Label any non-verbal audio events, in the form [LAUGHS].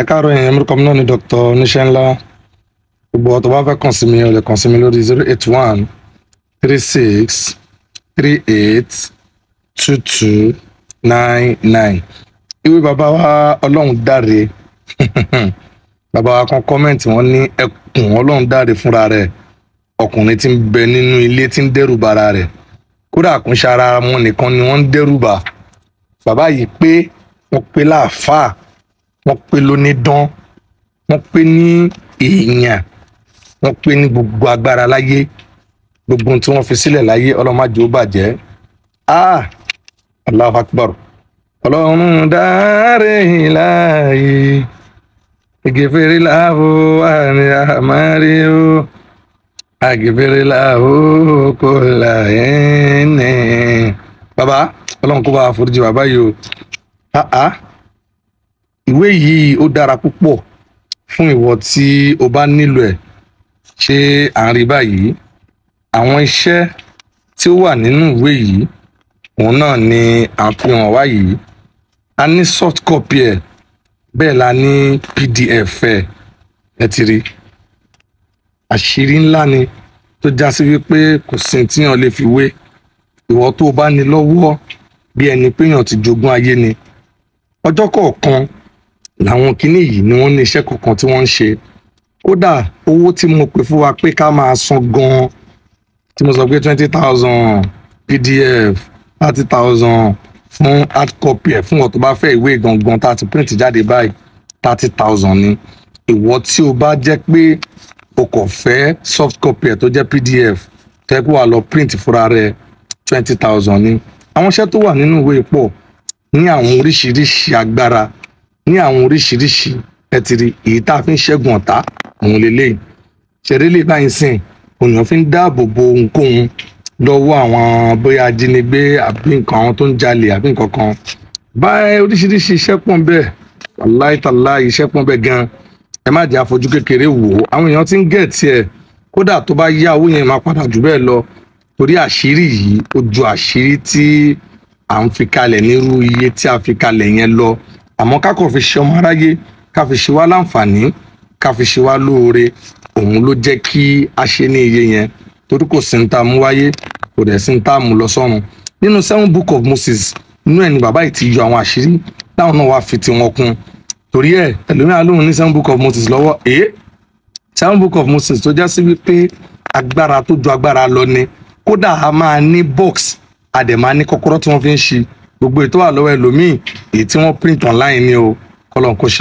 ẹ káàárọ̀ yẹn mi kọ́mínà ni dr oníṣẹ́ ńlá gbogbo ọ̀tọ̀ bá fẹ́ kàn sí mi ò lè kàn sí mi lórí zero eight one three six three eight two two nine nine ìwé bàbá wa ọlọ́run dáre [LAUGHS] bàbá wa kan kọ́mẹ̀ntì wọn ní ẹkùn ọlọ́run dáre fúnra rẹ̀ ọkùnrin tí ń bẹ nínú ilé tí ń dẹ́rù bara rẹ̀ kódà kún sára wọn nìkan ni wọ́n ń dẹ́rù bàbá yìí pé wọ́n pé láàfáà wọ́n pè lónídán wọ́n pè ní èèyàn wọ́n pè ní gbogbo agbára láyé gbogbo tí wọ́n fi sílẹ̀ láyé ọlọ́mọdé ó bàjẹ́ ah Allah Akbar ọlọ́run dáre láàyè ìgèfèrè láàbò àárín àmárè ó àgèfèrè láàbò kò láyé ní. bàbá ọlọ́run kó bá foríjì bàbá yìí o. Ah, ah ìwé yìí ó dára púpọ̀ fún ìwọ tí o bá nílò ẹ̀ ṣé à ń rí báyìí àwọn iṣẹ́ tí ó wà nínú ìwé yìí òun náà ni à ń fi hàn wá yìí a ní soft copy ẹ̀ bẹ́ẹ̀ la ní pdf ẹ̀ ẹ ti rí àṣírí ńlá ni tó já sí wípé kò sí tíyàn lè fi wé ìwọ tó o bá ní lọ́wọ́ bí ẹni péyàn ti jogún ayé ni ọjọ́ kọ̀ọ̀kan làwọn kinní yìí ni wọ́n ní iṣẹ́ kankan tí wọ́n ń ṣe kódà owó tí mo pè fún wa pé ká máa san gan tí mo sọ pé twenty thousand pdf thirty thousand fún hard copy ẹ̀ fún ọ̀ tó bá fẹ́ ìwé gangan tá a ti print jáde báyìí thirty thousand ni ìwọ tí o bá jẹ́ pé o kò fẹ́ soft copy ẹ̀ tó jẹ́ pdf tẹ́ kó wà lọ print fúnra rẹ̀ twenty thousand ni àwọn iṣẹ́ tó wà nínú ìwé pọ̀ ní àwọn oríṣiríṣi agbára ní àwọn oríṣiríṣi ẹ èyí tá a fi ń ṣẹ́gun ọ̀tá òun lélẹ́yìn ṣẹ̀rẹ́lẹ̀ báyìí sìn òyìnbó fi ń dáàbò bo ohunkóhun lọ́wọ́ àwọn bóyá ajínigbé àbí nǹkan àwọn tó ń jalè àbí nǹkan kan báyìí oríṣiríṣi iṣẹ́ pọ̀ ń bẹ aláìtàlá iṣẹ́ pọ̀ ń bẹ gan ẹ má jẹ́ àfojú kékeré wò ó àwọn èèyàn ti ń gẹ̀ tiẹ̀ kódà tó bá yá owó yẹn máa padà jù bẹ́ẹ̀ lọ torí àṣírí yìí ó àṣírí tí à ń fi kalẹ̀ nírú iye tí a fi kalẹ̀ yẹn lọ àmọ́ kákò fi ṣe ọmọ aráyé ká fi ṣe wá láǹfààní ká fi ṣe wá lóore òun ló jẹ́ kí a ṣe ní iye yẹn torí kò sí ní tá a mú wáyé kò dẹ̀ sí ní tá a mú lọ sọ́run nínú seven book of Moses inú ẹ̀ ni bàbá yìí ti yọ àwọn àṣírí táwọn náà wàá fi tiwọn kún torí ẹ̀ ẹlòmíràn lóhun ní seven book of Moses lọ́wọ́ èé seven book of Moses tó já sí wípé agbára tó ju agbára lọ ni kódà a máa ní box a dẹ̀ máa ní kọ́kọ́rọ́ tí wọ́n fi ń ṣí gbogbo ètò àlọ́wọ́ ẹlòmíì èyí tí wọ́n print online ni o kọ́lọ́n kó ṣá.